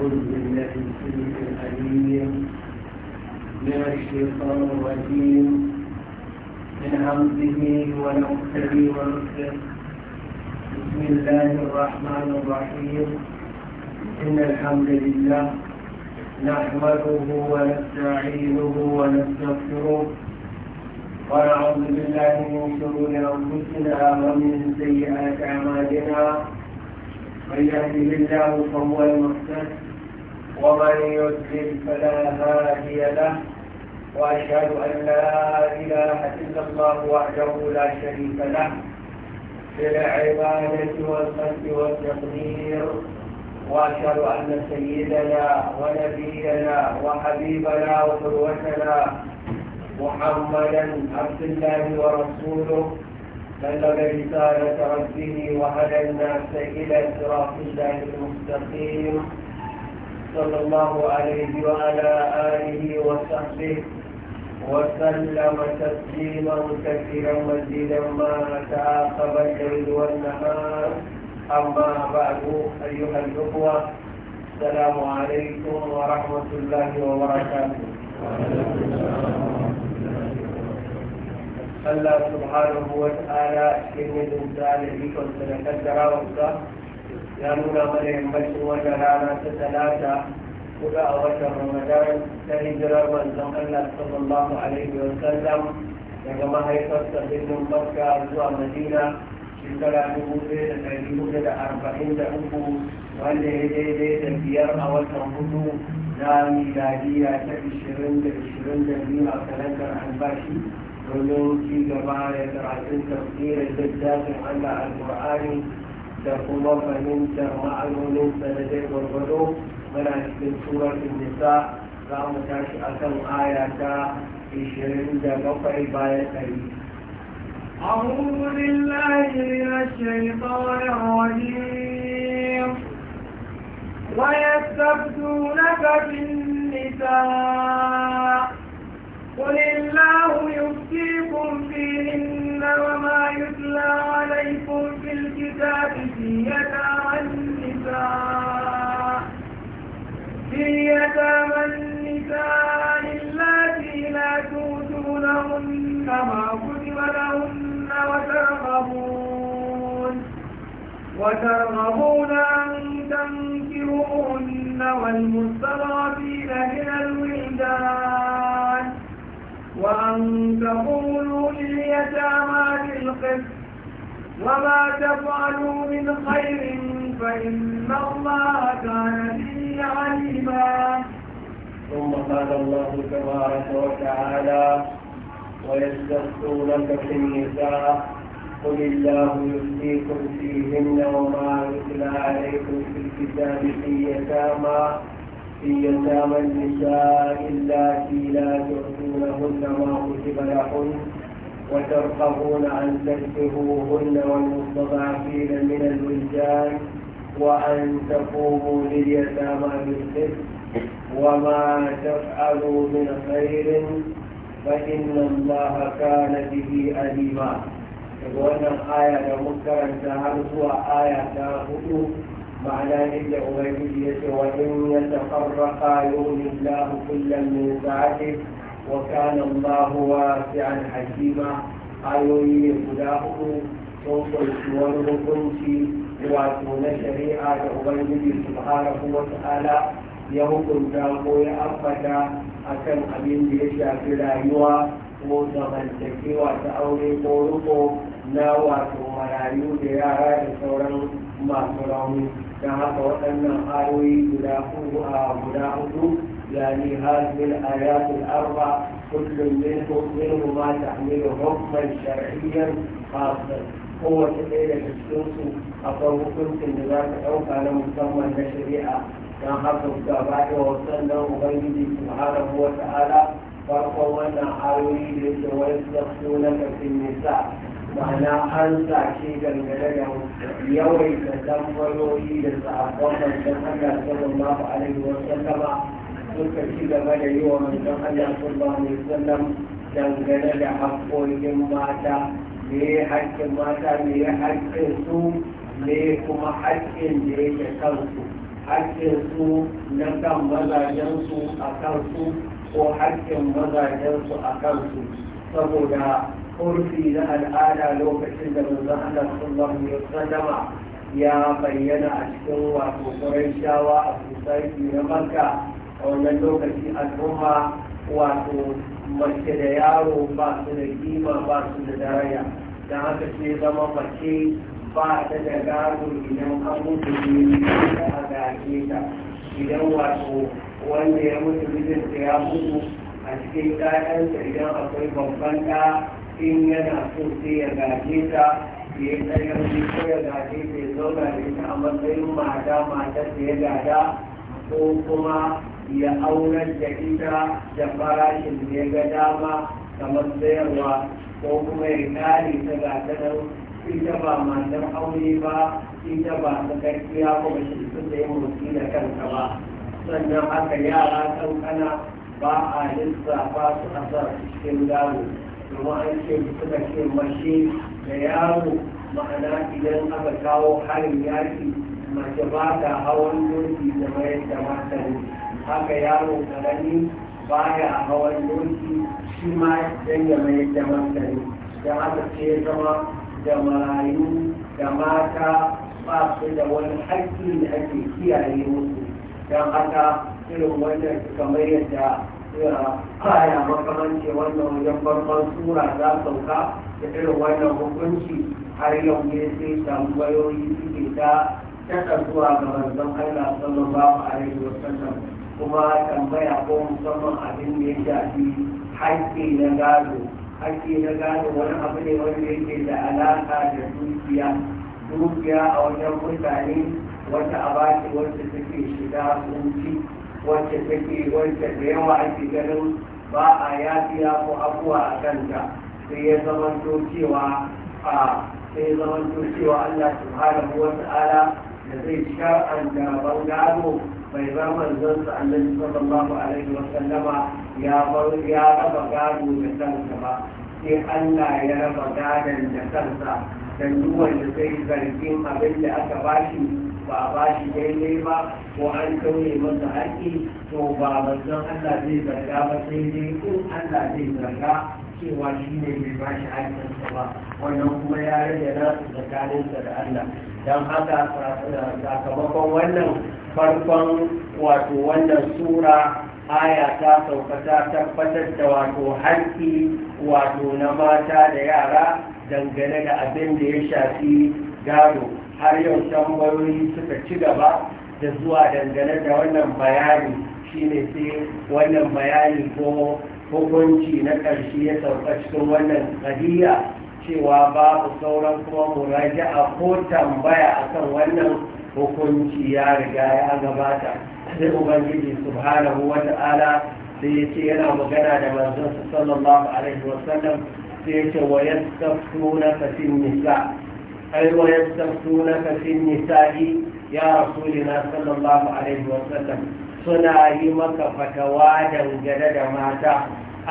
أعوذ بالله السميع العليم من الشيطان الرجيم من عمده ونفسه ونفسه بسم الله الرحمن الرحيم إن الحمد لله نحمده ونستعينه ونستغفره ونعوذ بالله من شرور أنفسنا ومن سيئات أعمالنا من يهده الله فهو المهتد ومن يضلل فلا هادي له وأشهد أن لا إله إلا الله وحده لا شريك له في العبادة والخلق والتقدير وأشهد أن سيدنا ونبينا وحبيبنا وقدوتنا محمدا عبد الله ورسوله بلغ رسالة ربه وهدى الناس إلى صراط الله المستقيم صلى الله عليه وعلى آله وصحبه وسلم تسليما كثيرا مزيدا ما تعاقب الليل والنهار أما بعد أيها الأخوة السلام عليكم ورحمة الله وبركاته الله سبحانه وتعالى كلمة ذلك كنت نقدر وقتها ya nuna mana yammacin wata rana ta talata kuɗa a watan ramadan ta hijirar manzon allah sallallahu alaihi wa sallam daga mahaifarsa birnin makka zuwa madina shekara dubu ɗaya da ɗari hudu da arba'in da uku wanda ya daidai da biyar a watan hudu na miladiya ta ishirin da ishirin da biyu a kalandar albashi domin ci gaba da karatun tafsirin littafin allah al-qur'ani da kuma fahimtar ma'anonin sanadai gwargwado muna cikin surar nisa za mu tashi a kan aya ta 27 bayan ɗari أعوذ بالله من الشيطان الرجيم ويستفتونك في النساء قل الله يفتيكم فيهن تتلون وما يتلى عليكم في الكتاب في يتامى النساء في يتامى النساء اللاتي لا تؤتونهن ما كتب لهن وترغبون وترغبون أن تنكروهن والمستضعفين من الولدان وأن تقولوا لليتامى بالقسط وما تفعلوا من خير فإن الله كان به عليما ثم قال الله تبارك وتعالى ويستفتونك في النساء قل الله يفتيكم فيهن وما يتلى عليكم في الكتاب في يتامى يتامى النساء اللاتي لا تؤتونهن ما كتب لهن وترقبون أن تنكحوهن والمستضعفين من الولدان وأن تقوموا لليتامى بالقسط وما تفعلوا من خير فإن الله كان به عليما. يقول آية مكرمة هل هو آية تاخذ معنى إلا عبيدية وإن يتفرقا يغني الله كلا من سعته وكان الله واسعا حكيما ayoyi guda hudu sun kunshi wani hukunci wato na shari'a da ubangiji subhanahu wa ta'ala ya hukunta ko ya ambata akan abin da ya shafi rayuwa ko zamantakewa ta aure ko riko na wato marayu da yara da sauran masu rauni don haka waɗannan ayoyi guda uku a guda uku yani hazil ayatul arba kullum minhum minhum ma ta'milu hukman shar'iyyan khasan kowace ɗaya daga cikinsu akwai hukuncin da za ka ɗauka na musamman na shari'a don haka gaba da wasan nan ubangiji subhanahu wa ta'ala farkon wannan ayoyi da yake wani zafi na kafin nisa ma'ana an sace dangane da yawaita tambayoyi da sa'abban manzon Allah sallallahu alaihi wa sallama suka ci gaba da yi wa manzon Allah sallallahu ba mai sallam dangane da haƙƙoƙin mata me haƙƙin mata me haƙƙin su ne kuma haƙƙin da yake kansu haƙƙin su na kan mazajensu a kansu ko haƙƙin mazajensu a kansu saboda urfi na al'ada lokacin da manzon Allah sallallahu alaihi wasallama ya bayyana a cikin wato shawa a society na Makka a wannan lokaci al'umma wato mace da yaro ba su da kima ba su da daraja don haka sai zama mace ba ta da gado idan an mutu ne da a gaje ta idan wato wanda ya mutu mijinta ya mutu a cikin 'ya'yansa idan akwai babban ɗa in yana so sai ya gaje ta ya yi tsayar ko ya gaje ta ya zauna da ita a matsayin mata matar da ya gada ko kuma ya aurar da ita da farashin da ya ga dama kamar sayarwa ko kuma ya kare ta gatanar ita ba matar aure ba ita ba sakakkiya ko ba shi da ya motsi da kanta ba sannan haka yara kana ba a lissafa su a cikin gado kuma an ce suka ce mashi da yaro ma'ana idan aka kawo harin yaki mace ba ta hawan doki da mai da mata ne haka yaro karami baya hawan doki shi ma dan ya mai da mata ne da haka ce zama da marayu da mata ba su da wani haƙƙi da ake kiyaye musu don haka irin wannan kamar yadda kaya makamanci wannan wajen farkon sura za sauka da irin wannan hukunci har yau ne sai tambayoyi suke ta taɗa zuwa ga manzon Allah sallallahu alaihi wa sallam kuma tambaya ko musamman abin da ya shafi haƙƙi na gado haƙƙi na gado wani abu ne wanda yake da alaƙa da dukiya dukiya a wajen mutane wata abaci wacce take shiga tsunci wacce take wacce da yawa ake ganin ba a yafiya ko abuwa a kanta sai ya zamanto cewa a sai ya zamanto cewa Allah subhanahu wa ta'ala da zai da bangaro bai bar manzansa annabi sallallahu alaihi wa sallama ya bar ya raba gado da kansa ba sai Allah ya raba gadon da kansa dan duk wanda zai zargin abin da aka bashi ba a ba shi daidai ba ko an kauye masa haƙƙi to ba manzon Allah zai zarga ba sai dai ko Allah zai zarga cewa shi ne mai ba shi haƙƙinsa ba wannan kuma ya rage na tsakaninsa da Allah don haka sakamakon wannan farkon wato wannan sura aya ta saukata tabbatar da wato haƙƙi wato na mata da yara dangane da abin da ya shafi gado har yau tambayoyi suka ci gaba da zuwa dangane da wannan bayani shine sai wannan bayani ko hukunci na ƙarshe ya sauka cikin wannan ƙadiyya cewa babu sauran kuma mu a ko tambaya akan wannan hukunci ya riga ya gabata sai ubangiji subhanahu wa ta'ala sai ya ce yana magana da manzon sallallahu alaihi wasallam sai ya ce wa yastaftuna fi nisa' أي ويستفتونك في النساء يا رسولنا صلى الله عليه وسلم سنا يمك فتوادا جدد ماتا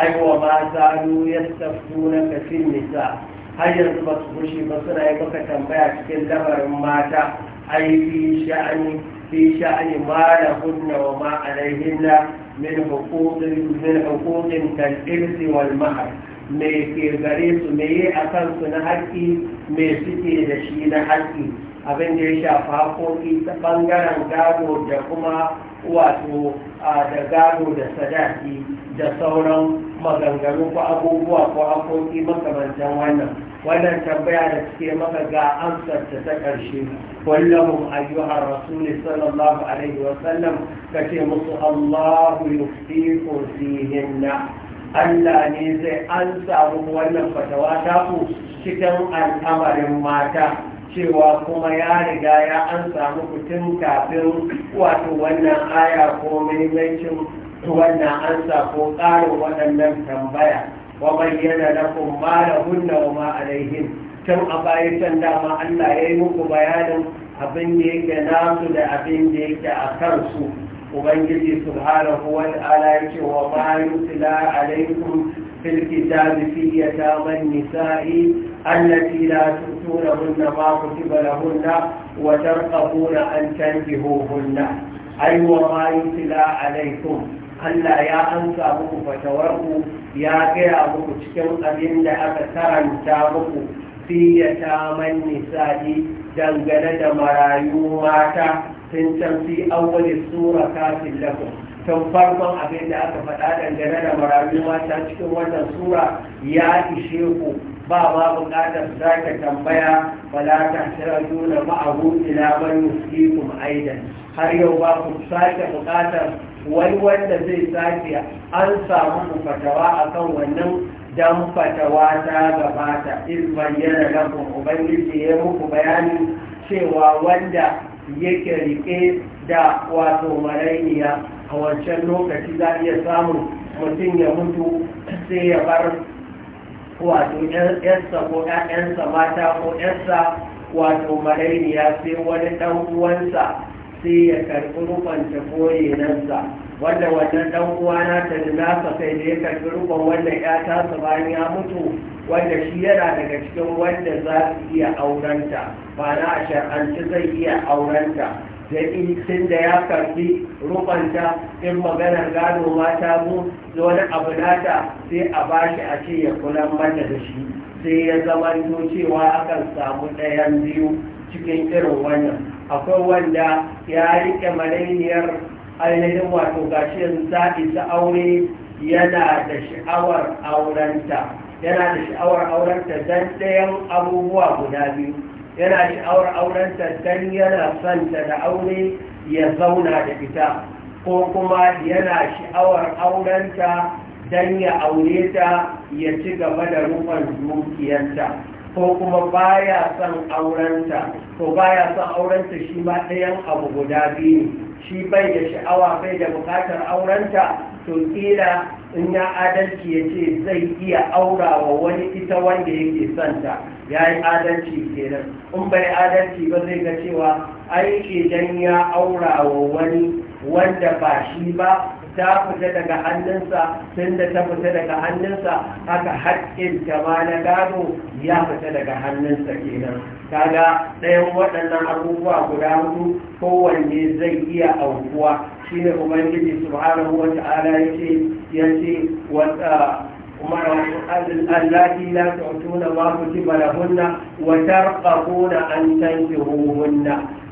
أي وما زالوا يستفتونك في النساء هل يضبط بشي بصنا يمك تنبيع كل دبر ماتا أي في شأن في شأن ما لهن وما عليهن من حقوق من حقوق كالإرث والمهر me ke gare su me yi a kansu na haƙƙi me suke da shi na haƙƙi abin da ya shafa, haƙoƙi ta ɓangaren gado da kuma wato da gado da sadaki da sauran maganganu ko abubuwa ko haƙoƙi makamantan wannan wannan tambaya da suke maka ga amsar ta ta ƙarshe kullum ayyuhar rasuli sallallahu alaihi wasallam ka ce musu allahu yufiku fihinna Allah ne zai an samu wannan fatawa ta ku cikin al'amarin mata cewa kuma ya riga ya an samu kutun kafin wato wannan aya ko muhimmancin wannan ansa ko ƙarin waɗannan tambaya wa bayyana lakum ma lahunna wa ma alaihim tun a bayan dama Allah ya yi muku bayanin abin da yake nasu da abin da yake a kansu ubangiji subhanahu wa ta'ala yake wa ma yutla alaikum fil kitabi fi yataman nisa'i allati la tutunahunna ma kutiba lahunna wa tarqabuna an tankihuhunna ay wa ma yutla alaikum Allah ya amsa muku fatawarku ya gaya muku cikin abin da aka karanta muku fi man nisa'i dangane da marayu mata sun can fi sura kafin lakum tun farkon abin da aka faɗa dangane da marayuwa ta cikin wannan sura ya ishe ku ba ma buƙatar za ka tambaya ba za ta shiraju da ma'ahu ila man yusikum aidan har yau ba ku sake buƙatar wani wanda zai sake an samu fatawa akan wannan dan fatawa ta gabata in bayyana lakum ubangiji ya muku bayani cewa wanda yake rike da wato marainiya a wancan lokaci za iya samun mutum ya mutu sai ya bar wato yansa ko ‘ya'yansa mata ko ‘yarsa wato marainiya sai wani ɗan uwansa sai ya karɓi rufanta nansa wanda wannan ɗan uwana ta nasa sai da ya karɓi rufan wannan ‘ya tasa bayan ya mutu wanda shi yana daga cikin wanda za su iya aurenta ba na a shar'anci zai iya aurenta da in tun da ya karbi rubanta in maganar gano mata mu da wani abu nata sai a ba shi a ce ya kula mata da shi sai ya zama to cewa akan samu ɗayan biyu cikin irin wannan akwai wanda ya riƙe malayiyar ainihin wato gashi yanzu ta isa aure yana da sha'awar aurenta yana da sha'awar aurenta don ɗayan abubuwa guda biyu yana da aure aurenta dan yana ta da aure ya zauna da ita ko kuma yana sha'awar aurenta dan ya aure ta ya ci gaba da rufan dukiyarta ko kuma baya son aurenta ko baya son aurenta shi ma ɗayan abu guda biyu shi bai da sha'awa bai da buƙatar aurenta to in ya adalci ya ce zai iya aurawa wani ita wanda yake santa ya yi adalci kenan in bai adalci ba zai ga cewa ai dan ya aurawa wani wanda ba shi ba ta fita daga hannunsa tun da ta fita daga hannunsa haka haƙƙin ta ma na gado ya fita daga hannunsa kenan kaga ɗayan waɗannan abubuwa guda hudu kowanne zai iya aukuwa shine ubangiji subhanahu wa ta'ala yace yace wata اللاتي لا تعطون ما كتب لهن وترقبون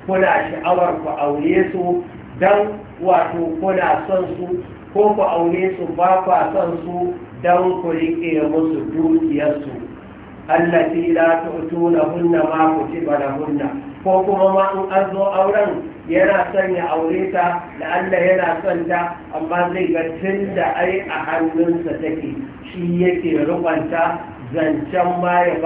Kuna sha'awar ku aure su دم wato kuna son su ko ku aure su ba kwa son su don ku riƙe musu dukiyarsu allati la tu'tuna hunna ma kutiba lahunna ko kuma ma in an zo auren yana son ya aure ta da Allah yana son ta amma zai ga tun da ai a hannunsa take shi yake rubanta zancen ma ya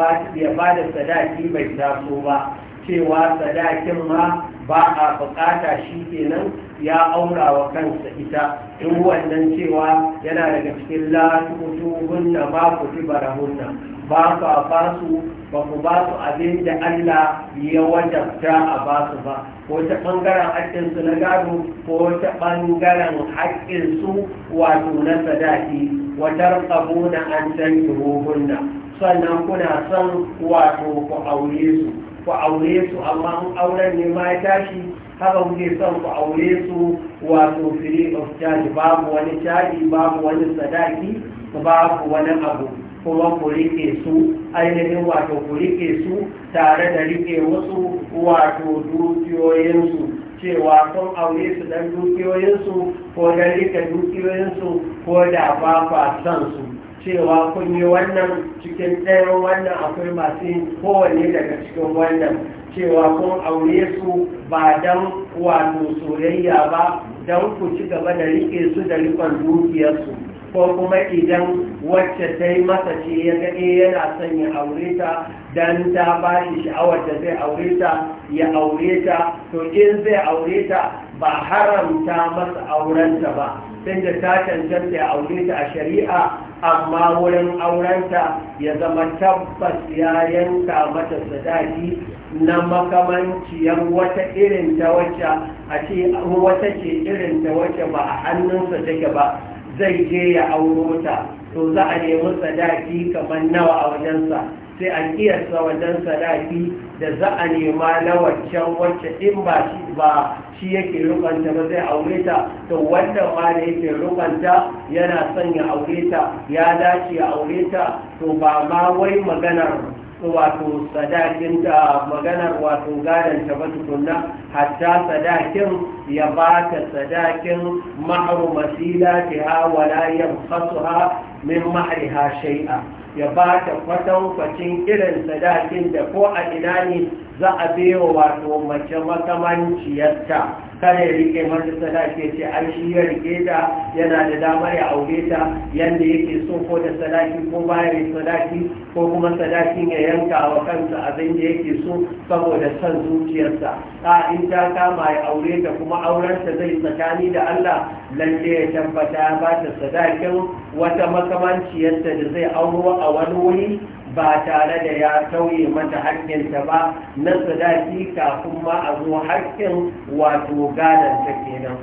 ba da sadaki bai taso ba cewa sadakin ma ba a bukata shi kenan ya aura wa kansa ita in wannan cewa yana daga cikin latutu hunna ba ku ci barahunna ba ku a basu ba ku ba su abin da Allah ya wajabta a basu ba ko ta bangaren haƙƙin su na gado ko ta bangaren haƙƙin su wato na sadaki watar tsabona an san hunna sannan kuna son wato ku aure su ku aure su amma in auren ne ma ya tashi haka kuke son ku aure su wato free of charge babu wani caji babu wani sadaki babu wani abu kuma ku rike su ainihin wato ku rike su tare da rike wasu wato dukiyoyinsu cewa sun aure su dan dukiyoyinsu ko don rike dukiyoyinsu ko da ba son su cewa kun yi wannan cikin ɗayan wannan akwai masu yin kowanne daga cikin wannan cewa kun aure su ba don wato soyayya ba don ku ci gaba da riƙe su da riƙon dukiyarsu ko kuma idan wacce ta yi masa ce ya gaɗe eh, yana son ya aure ta don ta ba shi sha'awar da zai aure ta ya aure ta to in zai aure ta ba haramta masa aurenta ba tun da ta cancanta ya aure ta a shari'a amma wurin aurenta ya zama tabbas ya yanka mata sadaki na makamanciyar wata irin ta wacce a ce wata ce irin ta wacce ba a hannunsa take ba zai je ya auro ta to za a nemi sadaki kamar nawa a wajensa sai a kiyasta wajen sadaki da za a nema na waccan wacce in ba shi ba shi yake rukanta ba zai aure ta to wannan ma da yake rukanta yana son ya aure ta ya dace ya aure ta to ba ma wai maganar wato sadakin da maganar wato gadon ta ba tukunna hatta sadakin ya ba ta sadakin mahru masila ta ha wala yamfasu ha min mahriha shai'a ya ba ta kwatankwacin irin sadakin da ko a ina ne za a biyo wato mace makamanciyarta kada ya rike mata sadaki ce an shi ya rike ta yana da damar ya aure ta yadda yake so ko da sadaki ko bayan sadaki ko kuma sadakin ya yanka wa kansa abin da yake so saboda son zuciyarsa a in ta kama ya aure ta kuma aurenta zai tsakani da Allah lalle ya tabbata ba ta sadakin wata makamanciyarta da zai auro a wani wuri ba tare da ya sauye mata hakkinta ba na sadaki kafin ma a zo hakkin wato ta kenan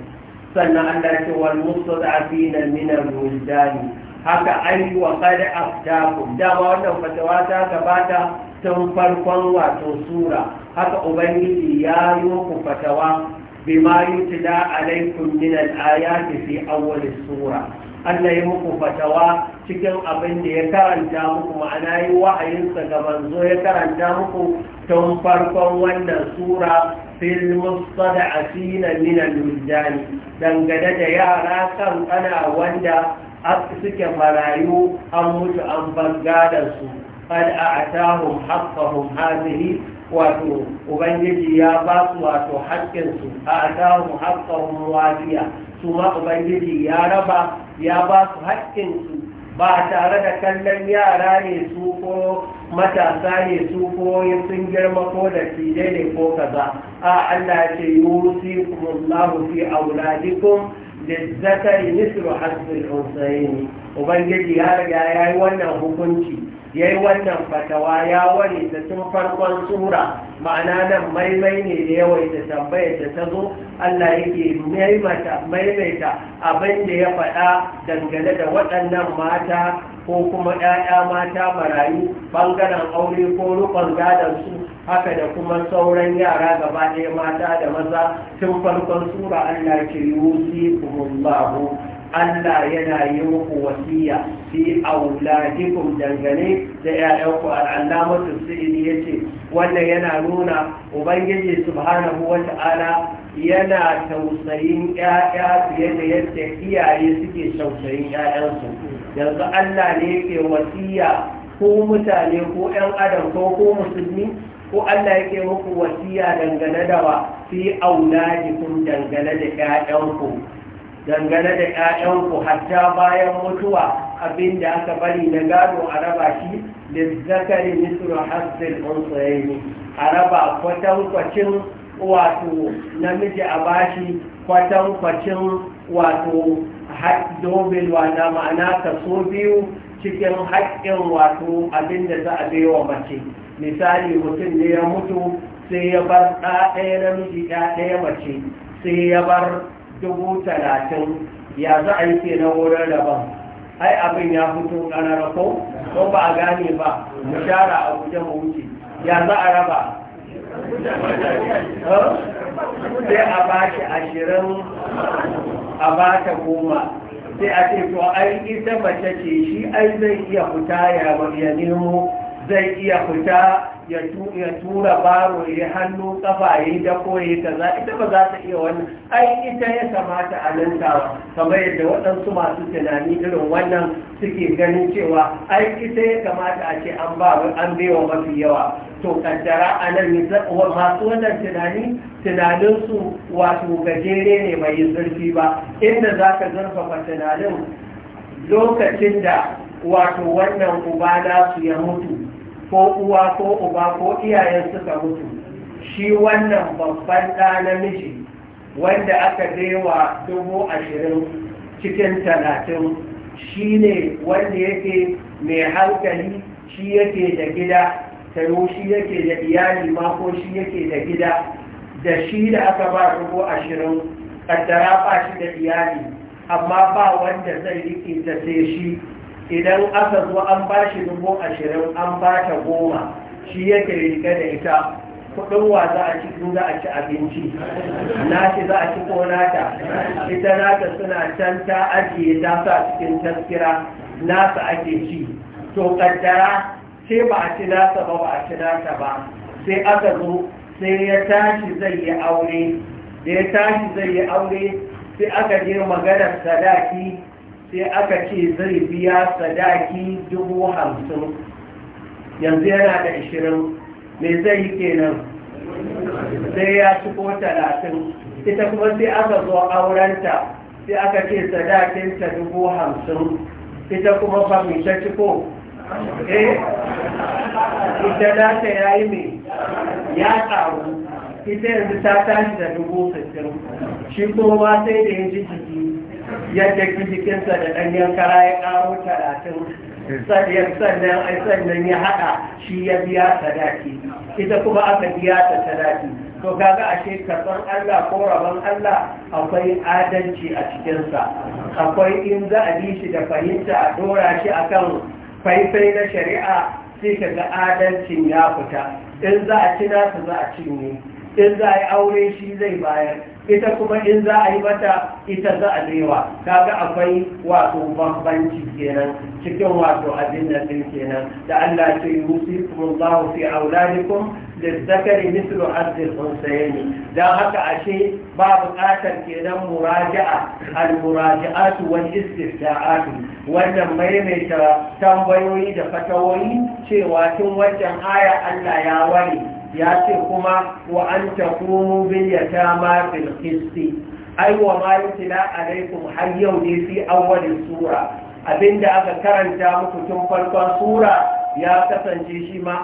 sannan Allah ce wal mustad'afina min al-wildan haka ai wa qad aftakum dama wannan fatawa ta gabata tun farkon wato sura haka ubangiji ya yi ku fatawa bima yutla alaikum min al-ayati fi awwal sura Allah ya muku fatawa cikin abin da ya karanta muku ma'ana yi wa'ayinsa ga manzo ya karanta muku tun farkon wannan sura fil mustada'afina min minan lujjani dangane da yara kan kana wanda suke marayu an mutu an banga da su a atahun haqqahum hazihi wato ubangiji ya ba su wato haƙƙinsu a atahun haqqahum wadiya su ma ubangiji ya raba ya ba su haƙƙinsu ba tare da kallon yara ne su ko matasa ne su ko sun girma ko da fide ne ko kaza a Allah ce yusi kumullahu fi auladikum lizzakari mislu hasbil husaini ubangiji ya riga yayi wannan hukunci Yayi yi wannan fatawa ya wani ta tun farkon sura ma'ana nan maimai ne da yawaita tambayar da ta zo Allah yake maimaita abin da ya faɗa dangane da waɗannan mata ko kuma ɗaya mata marayu ɓangaren aure ko rukon su haka da kuma sauran yara gaba ɗaya mata da maza tun farkon sura Allah ke yusi kumullahu Allah yana yi muku wasiya fi auladikum dangane da ƴaƴanku al'allamatu sa'idi yace wannan yana nuna ubangiji subhanahu wata'ala yana tausayin ƴaƴa fiye da yadda iyaye suke tausayin ƴaƴansu yanzu Allah ne yake wasiya ko mutane ko ƴan adam ko ko musulmi ko Allah yake muku wasiya dangane da wa fi auladikum dangane da ƴaƴanku dangane da 'ya'yanku hatta bayan mutuwa abin da aka bari na gado a raba shi zakari misru hasil unsayaini a raba kwatankwacin wato namiji a bashi kwatankwacin wato dobin wata ma'ana kaso biyu cikin haƙƙin wato abin da za a baiwa mace misali mutum ne ya mutu sai ya bar ɗaya namiji ɗaya mace sai ya bar dubu talatin ya za a yi ke na wurin daban ai abin ya fito na ko ko ba a gane ba mu shara a wuce ya za a raba sai a ba shi ashirin a ba ta goma sai a ce to ai ita mace ce shi ai zai iya fita ya nemo zai iya fita ya tura baro ya hannu kafa ya yi dako ya yi ita ba za ta iya wannan ai ita ya kamata a nan tawa kamar yadda waɗansu masu tunani irin wannan suke ganin cewa ai ita ya kamata a ce an ba an baiwa mafi yawa to kaddara a nan masu wannan tunani tunaninsu wato gajere ne mai zurfi ba inda za ka zurfafa tunanin lokacin da wato wannan uba su ya mutu ko uwa ko uba ko iyayen suka mutu shi wannan babban ɗa namiji wanda aka daiwa dubu ashirin cikin talatin shi ne wanda yake mai hankali shi yake da gida taro shi yake da iyali ma shi yake da gida da shi da aka ba dubu ashirin kaddara ba shi da iyali amma ba wanda zai rike ta sai shi idan aka zo an ba shi dubu ashirin an ba ta goma shi yake rike da ita kudin wa za a ci za a ci abinci shi za a ci ko nata ita nata suna can ta ajiye ta sa cikin taskira nasa ake ci to kaddara ce ba a ci nasa ba ba a ci nata ba sai aka zo sai ya tashi zai yi aure da ya tashi zai yi aure sai aka je maganar sadaki sai aka ce zai biya sadaki dubu hamsin yanzu yana da ishirin mai zai yi kenan sai ya ci ko talatin ita kuma sai aka zo aurenta sai aka ce sadakinta dubu hamsin ita kuma fami ta ci ko eh ita za ya yi mai ya tsaro. ita yanzu ta tashi da dubu sittin shi kuma sai da ya ji jiki yadda jikinsa da ɗanyen kara ya ƙaro talatin sannan sannan ya haɗa shi ya biya sadaki ita kuma aka biya ta sadaki to kaga ashe karɓar Allah ko rabon Allah akwai adalci a cikinsa akwai in za a bi shi da fahimta a dora shi akan faifai na shari'a sai ka ga adalcin ya fita in za a ci nasa, za a cinye in za a yi aure shi zai bayar ita kuma in za a yi mata ita za a ta kaga akwai wato bambanci kenan cikin wato abin da din kenan da Allah ke yusikum Allah fi auladikum lizzakari mithlu hadd al-unsayayn dan haka ashe ba bukatar kenan muraja'a al-muraji'atu wal istifta'atu wannan maimaita tambayoyi da fatawoyi cewa tun wajen aya Allah ya ware ya ce kuma wa an taqumu bil yatama fil qisti ai wa ma yutila alaikum har yau ne fi awwalin sura abinda aka karanta muku tun farkon sura ya kasance shi ma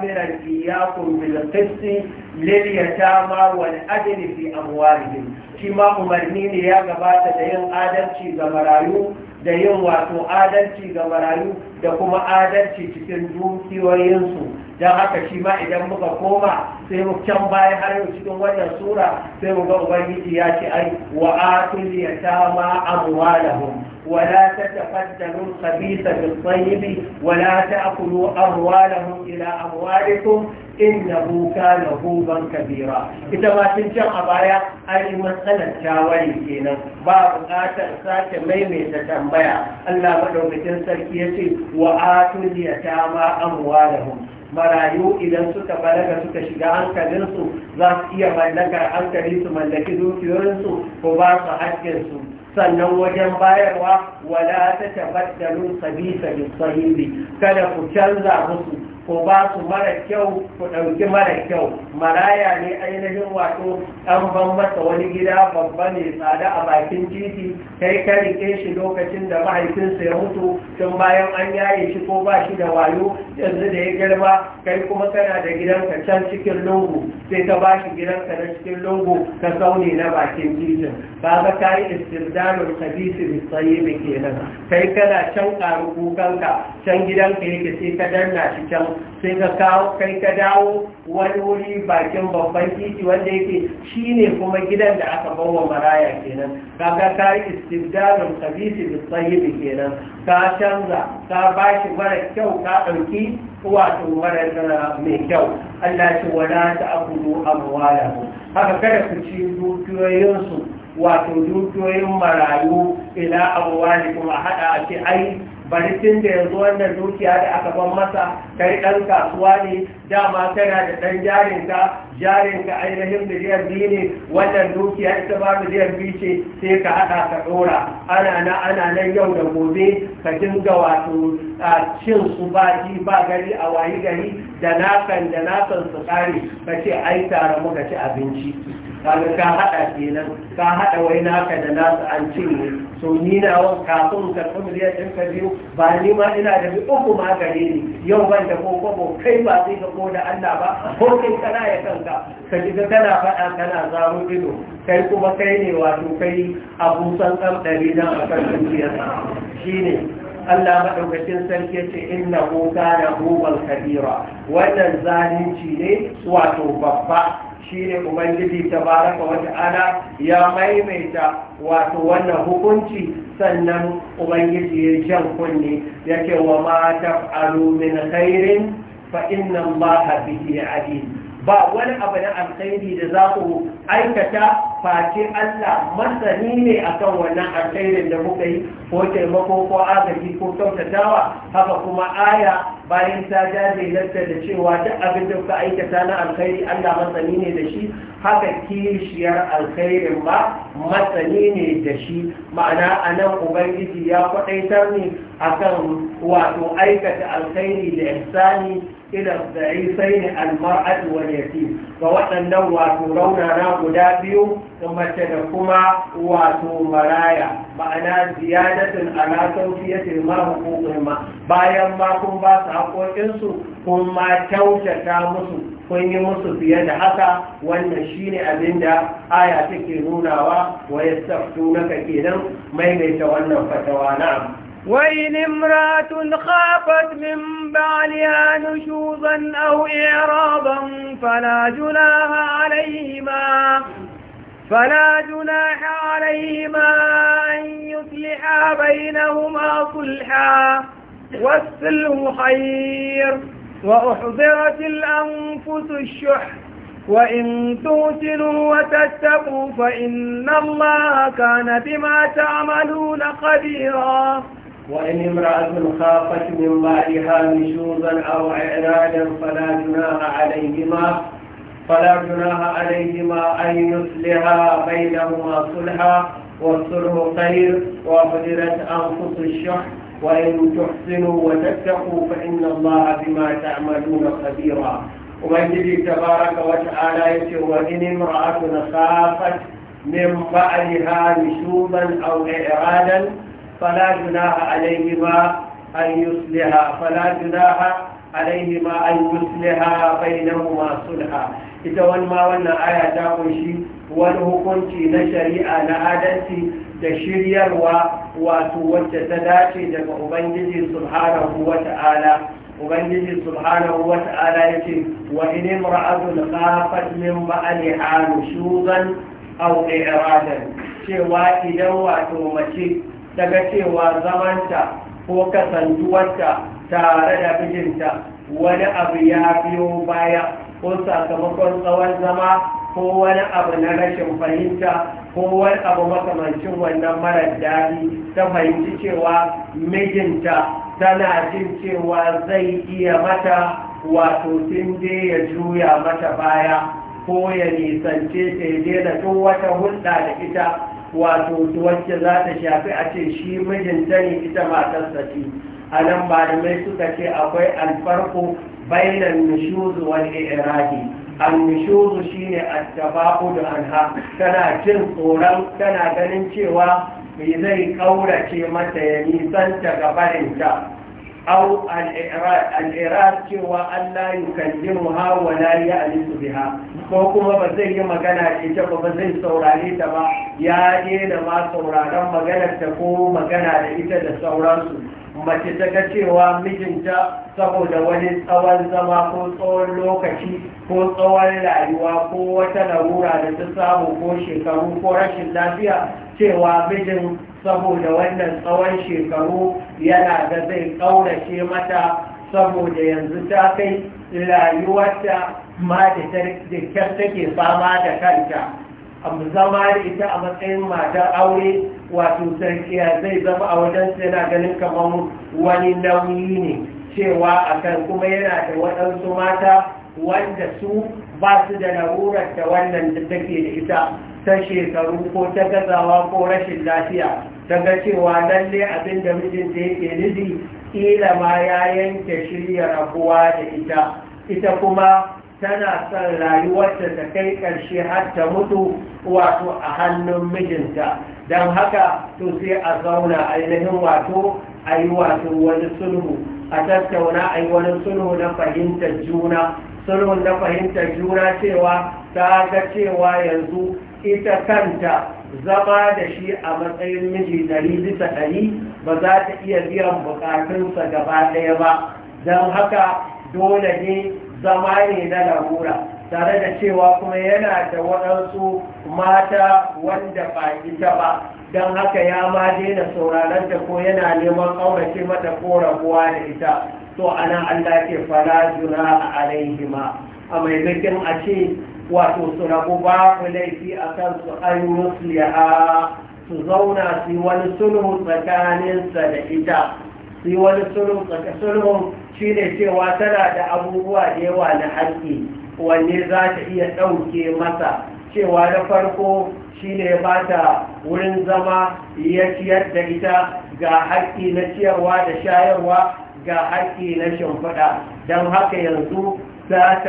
amiran iyakun bil qisti lil yatama wal ajli fi amwalihim shi ma umarni ne ya gabata da yin adalci ga marayu da yin wato adalci ga marayu da kuma adalci cikin dukiyoyinsu Da haka shi ba idan muka koma sai mu baya har yau cikin wannan sura sai mu ga ubangiji ya ce ai wa atul yatama amwalahum wa la tatafaddalu khabitha bil tayyib wa la ta'kulu amwalahum ila amwalikum innahu kana huban kabira ita ma tun can a baya an yi matsalar tawali kenan ba buƙatar sake maimaita tambaya Allah madaukakin sarki ya ce wa atul yatama amwalahum marayu idan suka balaga suka shiga hankalinsu za su iya mallakar hankali su mallaki dukiyoyinsu ko ba su haƙƙinsu sannan wajen bayarwa wala ta tabaddalu sabisa bisahibi kada ku canza musu ko ba su mara kyau ku ɗauki mara kyau maraya ne ainihin wato an ban masa wani gida babba ne tsada a bakin titi kai ka rike shi lokacin da mahaifinsa ya mutu tun bayan an yaye shi ko ba shi da wayo yanzu da ya girma kai kuma kana da gidanka can cikin lungu sai ka ba shi gidanka na cikin lungu ka zaune na bakin titin ba ka yi istirdarul khabisi bi kenan kai kana can karu kukanka can gidanka yake sai ka danna shi can sai ka kawo kai ka dawo wani wuri bakin babban titi wanda yake shi ne kuma gidan da aka bawa maraya kenan kaga ka yi istibdalin kabisi da tsayibi kenan ka canza ka bashi mara kyau ka ɗauki wato mara mai kyau Allah shi wala ta akudu amwala haka kada ku ci dukiyoyinsu wato dukiyoyin marayu ila abuwa kuma a haɗa a ce ai bari tun da yanzu wannan dukiya da aka ban masa kai ɗan kasuwa ne dama tana da ɗan jarinka jarinka ainihin miliyan biyu ne wannan dukiya ita ba miliyan biyu ce sai ka haɗa ka ɗora ana na ana nan yau da gobe ka dinga wato cin su ba ji ba gari a wayi gari da nakan da nakan su ƙare ka ce ai mu ka ci abinci kaga ka haɗa kenan ka haɗa wai naka da nasu an cinye so ni na wan kafin karɓi miliyan ɗin ka biyu ba ni ma ina da bi uku ma gare ni yau ban da ko kwabo kai ba sai ka koda Allah ba ko kai kana ya kanka ka ji kana faɗa kana zaro ido kai kuma kai ne wato kai abusan san ɗari nan a kan Shi ne Allah maɗaukacin sarki ya ce inna ko da hubal kabira wannan zalunci ne wato babba Shi ne ubangiji ta baraka wata 'ana ya maimaita wato wannan hukunci sannan ubangiji ya jan kunne yake wa mata taf'alu min khairin fa ba allaha bihi alim ba wani abu na alkhairi da za ku aikata face Allah masani ne akan wannan alkhairin da muka yi ko taimako ko agaji ko kyautatawa haka kuma aya bayan ta jaje lantar da cewa duk abin da kuka aikata na alkhairi Allah masani ne da shi haka kishiyar alkhairin ma masani ne da shi ma'ana anan ubangiji ya kwadaitar ne akan wato aikata alkhairi da ihsani ila da'ifain al-mar'at wal yatim ga waɗannan wato raunana guda biyu da mace da kuma wato maraya ma'ana ziyadatun ala tawfiyatil mar'a ma, bayan ma kun ba su haƙoƙin su kun ma kyautata musu kun yi musu fiye da haka wannan shine abinda aya take nunawa wa yastaftuna kenan maimaita wannan fatawa na'am وإن امرأة خافت من بعلها نشوزا أو إعراضا فلا جناح عليهما فلا جناح عليهما أن يصلحا بينهما صلحا والسلم خير وأحضرت الأنفس الشح وإن توسنوا وتتقوا فإن الله كان بما تعملون خبيرا وإن امرأة خافت من بعدها نشوزا أو إعرادا فلا جناح عليهما فلا جناح عليهما أن يصلها بينهما صلحا والصلح خير وحضرت أنفس الشح وإن تحسنوا وتتقوا فإن الله بما تعملون خبيرا ومجدي تبارك وتعالى وإن امرأة خافت من بعدها نشوبا أو إعرادا فلا جناح عليهما أن يصلها فلا جناح عليهما أن يصلها بينهما ita wani ma wannan aya ta kunshi wani hukunci na shari'a na adalci da shiryarwa wato wacce ta dace daga ubangiji subhanahu wa ta'ala ubangiji subhanahu wa ta'ala yace wa in imra'atun khafat min ba'liha nushuzan aw i'radan cewa idan wato mace daga cewa zamanta ko kasantuwarta tare da mijinta wani abu ya biyo baya ko sakamakon tsawon zama ko wani abu na rashin fahimta ko wani abu makamancin wannan marar daɗi ta fahimci cewa mijinta tana jin cewa zai iya mata wato sun je ya juya mata baya ko ya nisance ta ya daina tun wata hulɗa da ita wato wacce za ta shafi a ce shi mijinta ne ita matarsa ce a nan ba da mai suka ce akwai alfarko bainan nishuzu shi ne a shine at an anha tana cin tsoron tana ganin cewa mai zai kaurace mata ya nisanta gabarinta أو Ko kuma أن لا يكلمها ولا يألس بها فهو بزي مغانا إجابة بزي سوراني تبا يا إيه ما سورانا مغانا تكو مغانا da sauransu, mace ta ga cewa mijinta saboda wani tsawon zama ko tsawon lokaci ko tsawon rayuwa ko wata larura da ta samu ko shekaru ko rashin lafiya cewa mijin saboda wannan tsawon shekaru yana da zai ƙaurace mata saboda yanzu ta kai rayuwarta ma da kyar take fama da kanta zama da ita a matsayin matar aure wato sarkiya zai zama a wajen yana ganin kamar wani nauyi ne cewa akan kuma yana da waɗansu mata wanda su ba su da larurar da wannan da take da ita ta shekaru ko ta gazawa ko rashin lafiya ta ga cewa lalle abin da mijinta yake nufi ƙila ma ya yanke shirya rabuwa da ita ita kuma tana son rayuwarta ta kai ƙarshe har ta mutu wato a hannun mijinta don haka to sai a zauna ainihin wato a yi wato wani sulhu a tattauna a yi wani sulhu na fahimtar juna sulhun na fahimtar juna cewa ta ga cewa yanzu ita kanta zama da shi a matsayin miji ɗari bisa ɗari ba za ta iya biyan bukatunsa gaba ɗaya ba don haka dole ne zama ne na larura tare da cewa kuma yana da waɗansu mata wanda ba ita ba don haka ya ma daina sauraron ta ko yana neman ƙaurace mata ko rabuwa da ita to ana Allah ke fara juna a alaihima a maimakon a ce wato su rabu babu laifi a su an musliha su zauna su wani sulhu tsakaninsa da ita su wani sulhu sulhu shi ne cewa tana da abubuwa da yawa na haƙƙi wanne za ta iya ɗauke masa cewa na farko shi ne ba ta wurin zama ya ciyar da ita ga haƙƙi na ciyarwa da shayarwa ga haƙƙi na shimfiɗa don haka yanzu za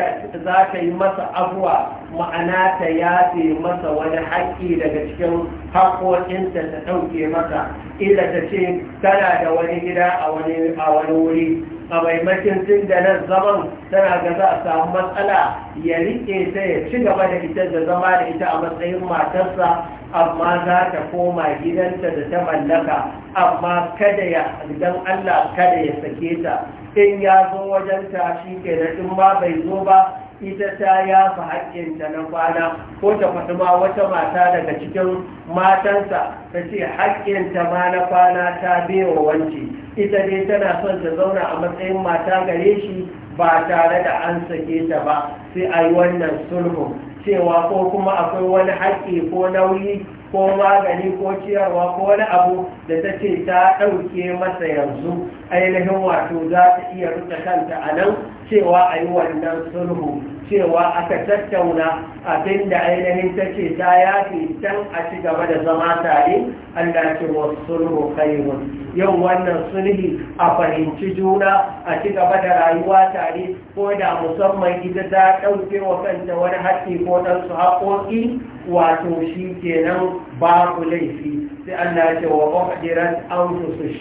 ta yi masa abuwa ma'ana ta yafe masa wani haƙƙi daga cikin haƙƙoƙinta ta ɗauke masa ila ta ce tana da wani gida a wani wuri a maimakon tun da nan zaman tana ga za a samu matsala ya riƙe ta ya ci gaba da ita da zama da ita a matsayin matarsa amma za ta koma gidanta da ta mallaka amma kada ya idan Allah kada ya sake ta in ya zo wajenta shi ke da in ba bai zo ba ita ta yafa haƙƙinta na kwana ko ta faɗi ma wata mata daga cikin matansa ta ce haƙƙinta ma na kwana ta bewa wance ita dai tana son ta zauna a matsayin mata gare shi ba tare da an sake ta ba sai a yi wannan sulhu cewa ko kuma akwai wani haƙƙi ko nauyi ko magani ko ciyarwa ko wani abu da ta ce ta ɗauke masa yanzu ainihin wato za ta iya rika kanta a nan cewa a yi wannan sulhu cewa aka tattauna abinda da ainihin ta ce ta yafi can a ci gaba da zama tare Allah ce wa sulhu khairun yau wannan sulhi a fahimci juna a ci gaba da rayuwa tare ko da musamman ita ta ɗauke wa kanta wani haƙƙi ko su haƙoƙi wato shi kenan babu laifi sai Allah ce wa ƙwaƙirar an su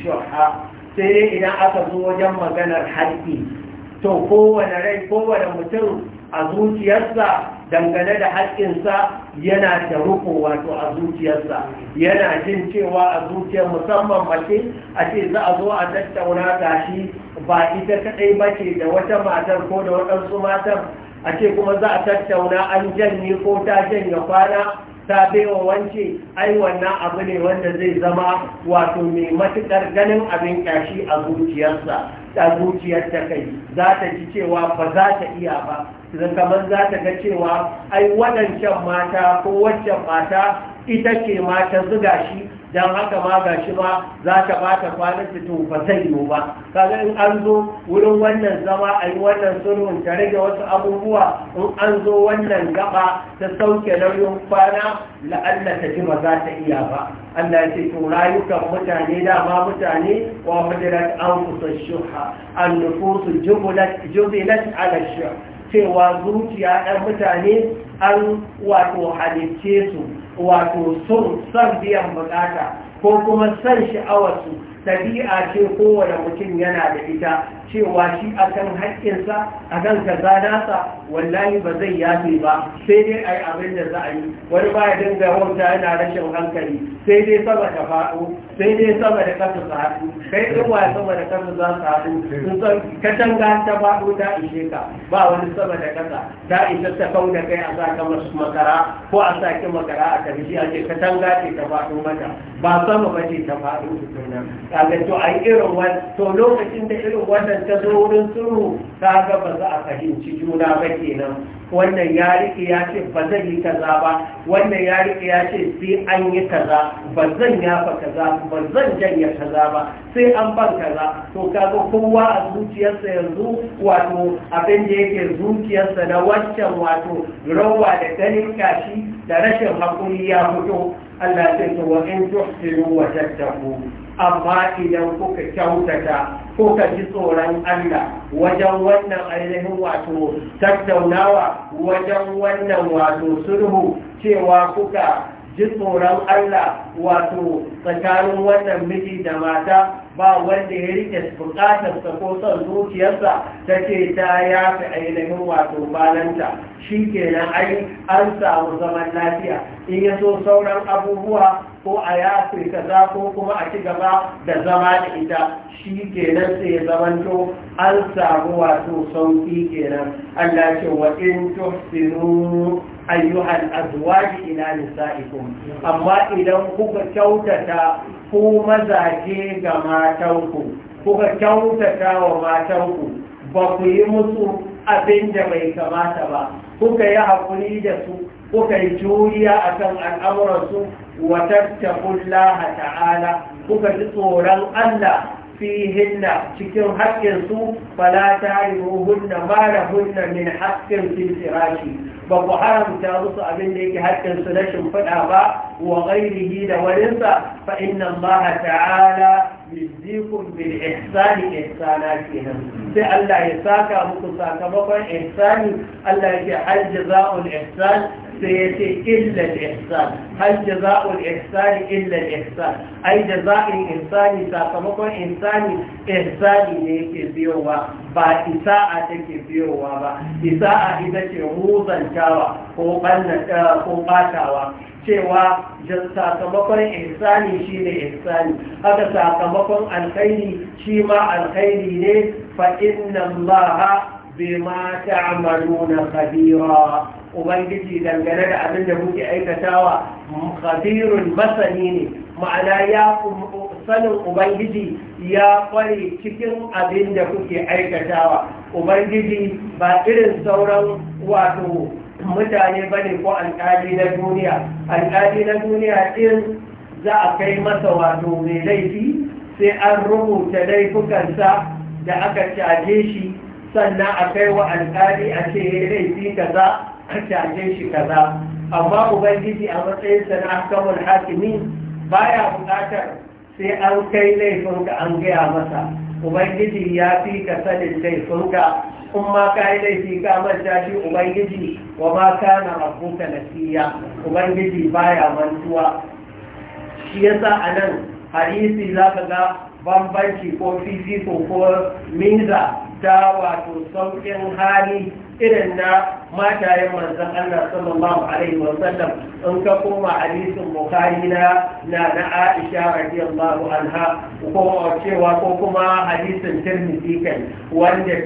sai idan aka zo wajen maganar haƙƙi to kowane rai kowane mutum a zuciyarsa dangane da haƙƙinsa yana da ruku wato a zuciyarsa yana jin cewa a zuciyar musamman mace a ce za a zo a tattauna gashi ba ita kaɗai ba ce da wata matar ko da waɗansu matan a ce kuma za a tattauna an janye ko ta janye kwana ta baiwa wance ai wannan abu ne wanda zai zama wato mai matuƙar ganin abin ƙyashi a zuciyarsa ta zuciyar ta kai za ta ji cewa ba za ta iya ba da kamar za ta ga cewa ai waɗancan mata ko waccan mata ita ce mata zuga shi dan haka ma ga shi ba za ta bata kwanan to ba zai yiwu ba kaga in an zo wurin wannan zama a yi wannan sulhun ta rage wasu abubuwa in an zo wannan gaba ta sauke nauyin kwana la'alla ta za ta iya ba Allah ya ce to rayukan mutane dama mutane wa hudirat an kusa an nufusu jubilat ala shuha cewa zuciya ɗan mutane an wato halicce su wato son biyan bukata ko kuma son sha'awarsu Tabi'a ce kowane mutum yana da ita cewa shi akan haƙƙinsa akan kaza nasa wallahi ba zai yafe ba sai dai a yi abin da za a yi wani ba ya dinga wauta yana rashin hankali sai dai sama da faɗo sai dai sama da ƙasa su kai ɗin wa sama da ƙasa za su haɗu sun san katanga ta faɗo ta ishe ka ba wani sama da ƙasa ta isa ta kau da kai a sa ka makara ko a sa ki makara a karshe a ce katanga ce ta faɗo mata ba sama ba ce ta faɗo kaga to ai irin to lokacin da irin wannan ta zo wurin sulhu kaga ba za a fahimci juna ba kenan wannan ya rike ya ce ba zan yi kaza ba wannan ya rike ya ce sai an yi kaza ba zan yafa kaza ba zan janya kaza ba sai an ban kaza to kaga kowa a zuciyarsa yanzu wato abin da yake zuciyarsa na wancan wato rawa da ganin kashi da rashin hakuri ya fito Allah ya ce wa in tuhsinu wa tattaqu amma idan kuka kyautata kuka ji tsoron Allah wajen wannan ainihin wato tattaunawa wajen wannan wato sulhu cewa kuka ji tsoron Allah wato tsakanin wannan miji da mata ba wanda ya rike sa ko son zuciyarsa ta ce ta yafi ainihin wato balanta shi kenan ai an samu zaman lafiya in ya so sauran abubuwa ko a fi kaza ko kuma a ci gaba da zama da ita shi kenan sai ya zamanto an samu wato sauki kenan Allah ce wa in tuhsinu ayyuhal azwaji ila nisaikum amma idan kuka kyautata ku mazaje ga matanku kuka kyautata wa matanku ba ku yi musu abin da bai kamata ba kuka yi haƙuri da su kuka yi juriya a kan al'amuransu wa tattakullaha ta'ala kuka ji tsoron Allah fihinna cikin haƙƙinsu fala ta yi ruhun da da hunna min haƙƙin fil firashi ba ku haramta musu abin da yake harkar su na shimfiɗa ba wa ghairihi da warinsa, fa inna Allah ta'ala yuzzikum bil ihsani ihsana kenan sai Allah ya saka muku sakamakon ihsani Allah yake hal jaza'ul ihsan sai ya ce illal ihsan hal jaza'ul ihsani illal ihsan ai jaza'in ihsani sakamakon ihsani ihsani ne ke biyowa ba isa'a take biyowa ba isa'a ita ce huzantawa ko ɓannata eh, ko ɓatawa cewa sakamakon ihsani shi ne ihsani haka sakamakon alkhairi shi ma alkhairi ne fa'in nan ba ha bi ma ta'amaluna khabira ubangiji dangane da abin da muke aikatawa khabirun basani ne ma'ana ya sanin ubangiji ya kware cikin abin da kuke aikatawa ubangiji ba irin sauran wato mutane ba ne ko alƙali na duniya alƙali na duniya in za a kai masa wato mai laifi sai an rubuta laifukansa da aka caje shi sannan a kai wa alƙali a ce laifi kaza caje shi kaza amma ubangiji a matsayinsa na akamul hakimi baya buƙatar sai an kai laifinka an gaya masa ubangiji ya fi ka sanin laifinka ka kuma ka yi laifi ka manta shi ubangiji wa ma kana rabbuka nasiya ubangiji baya mantuwa shi yasa a nan hadisi za ka ga bambanci ko fifiko ko minza ta wato sauƙin hali irin na matayen manzan Allah sallallahu alaihi wa sallam in ka koma hadisin Bukhari na na na Aisha radiyallahu anha ko cewa ko kuma hadisin Tirmidhi kai wanda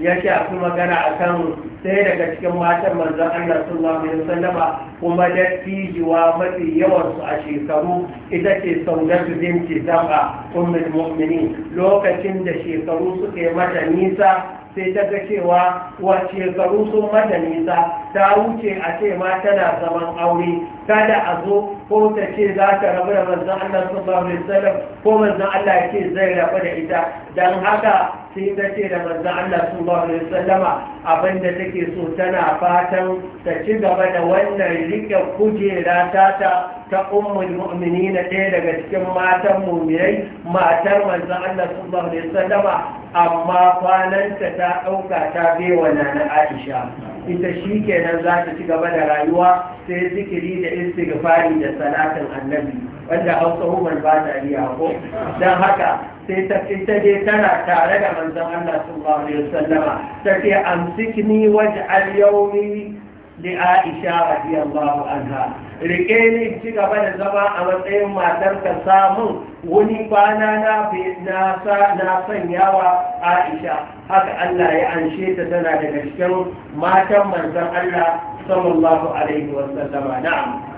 ya shafi magana akan sai daga cikin matan manzan Allah sallallahu alaihi wa sallam kuma dattijuwa mafi yawan su a shekaru ita ce Saudatu binti Zaba ummul mu'minin lokacin da shekaru suka yi mata nisa sai ta ga cewa wace garu mata nisa ta wuce a ce ma tana zaman aure kada a zo ko ta ce za ta rabu da manzon Allah sallallahu alaihi wasallam ko manzon Allah ya ce zai rabu da ita dan haka sai ta ce da manzan Allah sallallahu alaihi wasallama abinda take so tana fatan ta ci gaba da wannan rike kujera ta ta ta ummul ɗaya daga cikin matan mu'minai matar manzan Allah sallallahu alaihi wasallama amma kwananta ta ɗauka ta bewa na Aisha ita shi kenan za ta ci gaba da rayuwa sai zikiri da istighfari da salatin annabi wanda hausa umar ba ta iya ko don haka sai ta ita dai tana tare da manzan Allah sun sallallahu alaihi wasallama take amsikni waj'al yawmi da Aisha an anha rike ni ci gaba da zama a matsayin matar ka samun wani kwana na na sanyawa Aisha haka Allah ya anshe ta tana daga cikin matan manzan Allah sallallahu alaihi wasallama na'am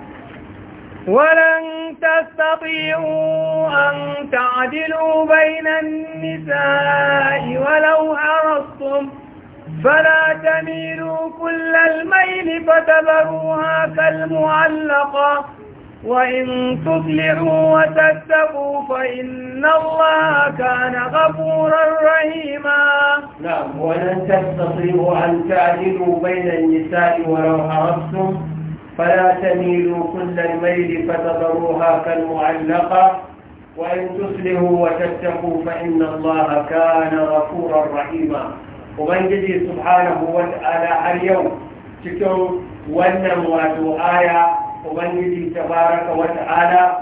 ولن تستطيعوا أن تعدلوا بين النساء ولو أرصتم فلا تميلوا كل الميل فتذروها كالمعلقة وإن تصلحوا وتتقوا فإن الله كان غفورا رحيما نعم ولن تستطيعوا أن تعدلوا بين النساء ولو أرصتم فلا تميلوا كل الميل فتضروها كالمعلقة وإن تسلموا وتتقوا فإن الله كان غفورا رحيما ومن وبنجي سبحانه وتعالى اليوم تكون ونم آية. ومن وبنجي تبارك وتعالى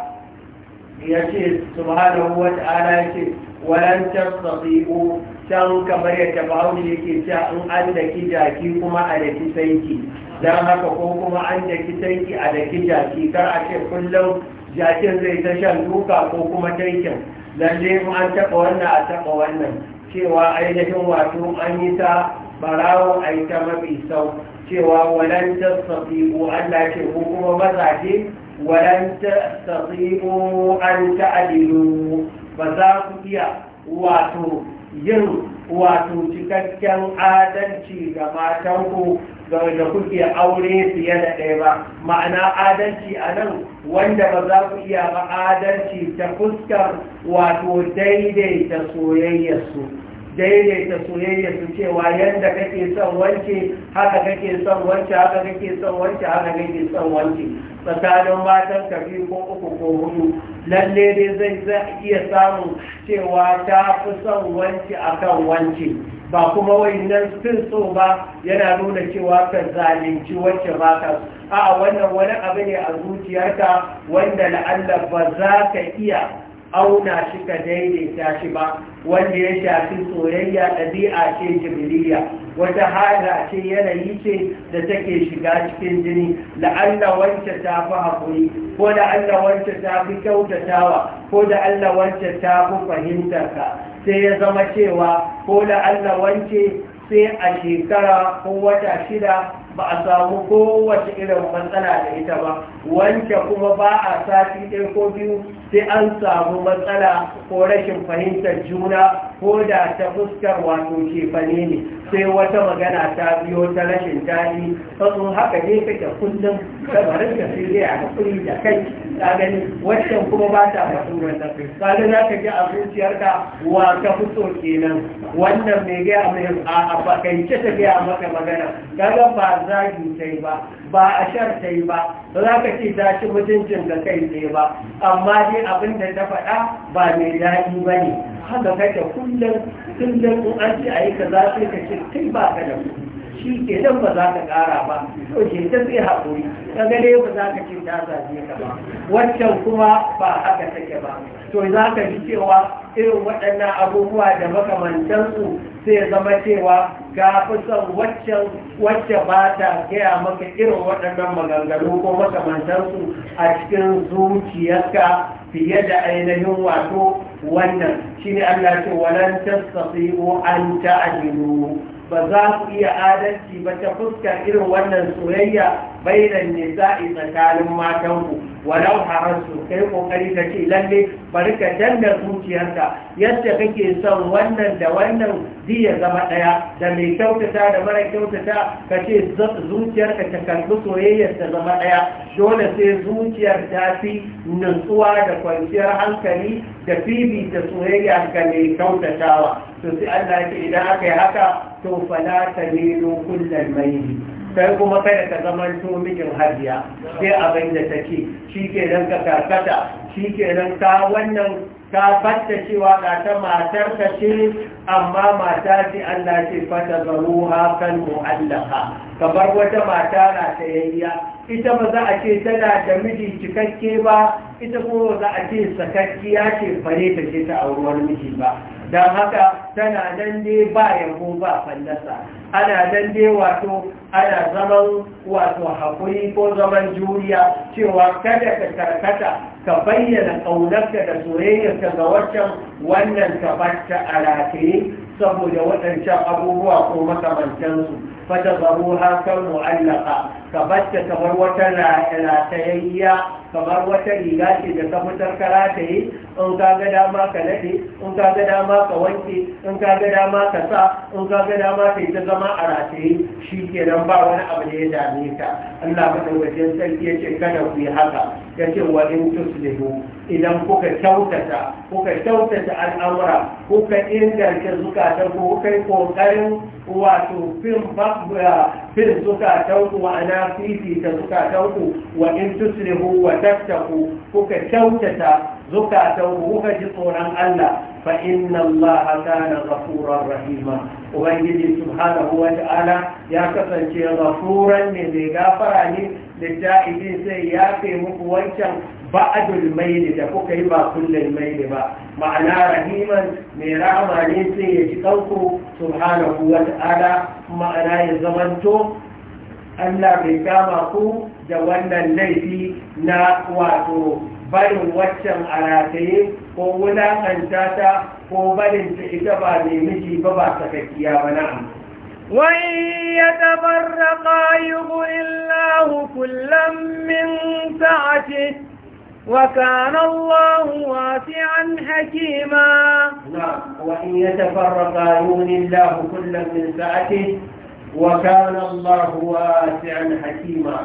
يشيد سبحانه وتعالى يشيد walan tastati'u can kamar yadda bahaushe yake cewa in an daki jaki kuma a daki sanki dan haka ko kuma an daki sanki a daki jaki kar a ce kullum jakin zai ta shan duka ko kuma tankin lalle in an taɓa wannan a taɓa wannan cewa ainihin wato an yi ta barawo a yi ta mafi sau cewa walan tastati'u Allah ce ko kuma mazaje walan tastati'u an ta'dilu ba za mu iya wato yin wato cikakken adalci ga matanku da kuke aure fiye da ɗaya ba ma'ana adalci a nan wanda ba za ku iya ba adalci ta fuskar wato daidaita soyayyarsu daidaita soyayyarsu cewa yadda kake son wance haka kake son wance haka kake son wance haka kake son wance tsakanin matan ka ko uku ko hudu lalle dai zai iya samun cewa ta fi son wanci a kan wanci ba kuma wai wayannan sun so ba yana nuna cewa ka zalunci wacce ba ka a wannan wani abu ne a zuciyarka wanda la'alla ba za ka iya auna shi ka daidaita shi ba wanda ya shafi soyayya ɗabi'a ce jibiliya wata hada ce yanayi ce da take shiga cikin jini la'alla wancan ta fi haƙuri ko Allah wancan ta fi kyautatawa ko Allah wancan ta fi fahimtarka sai ya zama cewa ko Allah wancan sai a shekara ko wata shida ba a samu kowace irin matsala da ita ba wance kuma ba a sati ɗaya ko biyu sai an samu matsala ko rashin fahimtar juna ko da ta fuskar wato kefane ne sai wata magana ta biyo ta rashin daɗi tsatsun haka ne kake kullum tabarin da sai zai a hakuri da kai ta gani wancan kuma ba ta faɗin kai. kaga za ka ji a ka wa ka fito kenan wannan mai gaya mai a fakaice ta gaya maka magana kaga ba zagi yi ba ba a shar ta yi ba ba za ka ce ta ci mutuncin da kai tsaye ba amma dai abin da ta faɗa ba mai daɗi ba ne haka kake kullum da in an ce a yi ka za ka ce kai ba ka da shi ke nan ba za ka ƙara ba to ke ta zai haƙuri ka gane ba za ka ce ta zaje ka ba waccan kuma ba haka take ba to za ka ji cewa irin waɗannan abubuwa da makamantansu sai zama cewa ga fi son wacce ba ta gaya maka irin waɗannan maganganu ko makamantansu a cikin zuciyarka fiye da ainihin wato wannan ne Allah ce walan ko an ta'dilu ba za ku iya adalci ba ta fuskar irin wannan soyayya bainan nisa'i tsakanin matanku walau harasu kai kokari ka ce lalle bari ka danna zuciyarka yadda kake son wannan da wannan zai ya zama daya da mai kyautata da mara kyautata ka ce zuciyarka ta karbi soyayyar ta zama daya dole sai zuciyar ta fi nutsuwa da kwanciyar hankali da da soyayya ga mai kyautatawa to sai Allah ya ce idan aka yi haka to fala tamilu kullal mayli sai kuma kada ka zama mijin hajiya sai abin da take shi ke nan ka karkata shi ke nan ka wannan ka fata cewa ga ta matar ka ce amma mata ce Allah ce fata zaruha kan ka bar wata mata na tayayya ita ba za a ce tana da miji cikakke ba ita kuma za a ce sakakkiya ce fare ta ce ta auri miji ba don haka tana nan dai ba yabo ba fallasa ana nan dai wato ana zaman wato haƙuri ko zaman juriya cewa kada ka karkata ka bayyana ƙaunarka da soyayyarka ga waccan wannan ka bata a rataye saboda waɗancan abubuwa ko makamantansu fata baro hakan mu'allaka ka bata kamar wata ratayayya kamar wata riga ce da ta fitar ka rataye in ka ga dama ka nade in ka ga dama ka wanke in ka ga dama ka sa in ka ga dama ka yi ta zama a rataye shi ke nan ba wani abu da ya dame ka Allah wajen sarki ya ce kada ku yi haka ya ce wa in tuslihu idan kuka kyautata kuka kyautata al'amura kuka inganta zukatan ku kuka yi kokarin wato fin fin zukatan ku ana fifita zukatan ku wa in tuslihu wa tattaku kuka kyautata zukatan kuka ji tsoron Allah fa inna Allah kana ghafurar rahima ubangiji subhanahu wa ta'ala ya kasance ghafuran ne mai gafara ne litta'idin sai ya kai muku wancan ba'adul maili da kuka yi ba kullum maili ba ma'ana rahiman mai rahama ne sai ya ji kanku subhanahu wa ta'ala ma'ana ya zamanto Allah bai kama ku da wannan laifi na wato barin waccan a rataye ko wulaƙanta ta ko barin ta ita ba mai miji ba ba sakakkiya ba na'am وإن يتفرقا يغني الله كلا من سعته وكان الله واسعا حكيما نعم وإن يتفرقا يغني الله كلا من سعته وكان الله واسعا حكيما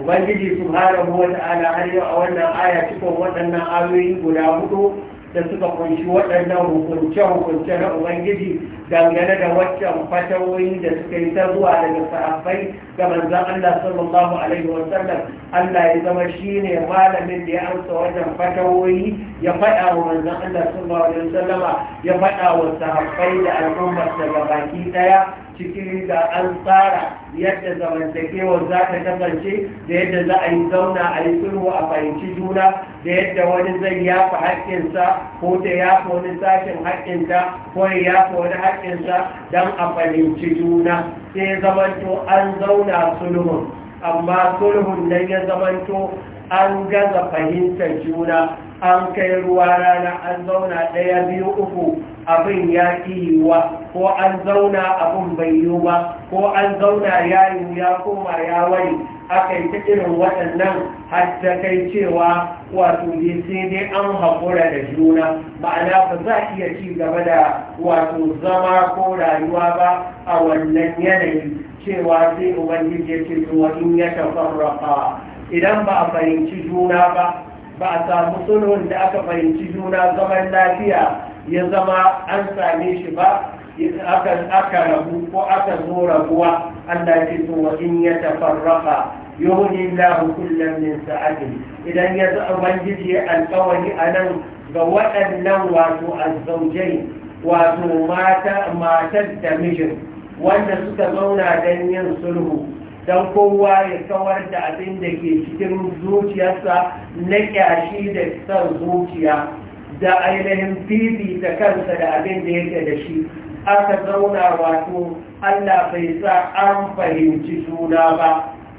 ubangiji subhanahu wata'ala har yau a wannan aya cikin waɗannan ayoyi guda hudu da suka kunshi waɗannan hukunce-hukunce na ubangiji dangane da waccan fatawoyi da suka yi ta zuwa daga sahabbai ga manzan Allah sallallahu alaihi wa sallam Allah ya zama shi ne malamin da ya amsa wajen fatawoyi ya faɗa wa manzan Allah sallallahu alaihi wa sallama ya faɗa wa sahabbai da al'ummar da baki ɗaya cikin da an tsara yadda zamantakewar za ta kasance da yadda za a yi zauna a yi sulhu a fahimci juna da yadda wani zai yafa haƙƙinsa ko ta yafa wani sashen haƙƙinta ko ya yafa wani haƙƙinsa don a fahimci juna sai zamanto an zauna sulhun amma sulhun nan ya zamanto an gaza fahimtar juna an kai ruwa rana an zauna ɗaya biyu uku abin ya ƙi yiwa ko an zauna abun bai yiwu ba ko an zauna ya yiwu ya koma ya wani aka yi ta irin waɗannan har kai cewa wato ne sai dai an haƙura da juna ma'ana ba za a iya ci gaba da wato zama ko rayuwa ba a wannan yanayi cewa sai ubangiji ya ce to in ya tafarraka idan ba a fahimci juna ba ba a samu sulhun da aka fahimci juna zaman lafiya ya zama an same shi ba akan aka rabu ko aka zo rabuwa Allah ce to wa in ya tafarraqa yuhni Allah kullam min sa'atihi idan ya zo ubangiji alƙawari anan ga waɗannan wato azzaujai wato mata matar da mijin wanda suka zauna don yin sulhu don kowa ya kawar da abin da ke cikin zuciyarsa na kyashi da son zuciya da ainihin fifita kansa da abin da yake da shi aka zauna wato Allah bai sa an fahimci juna ba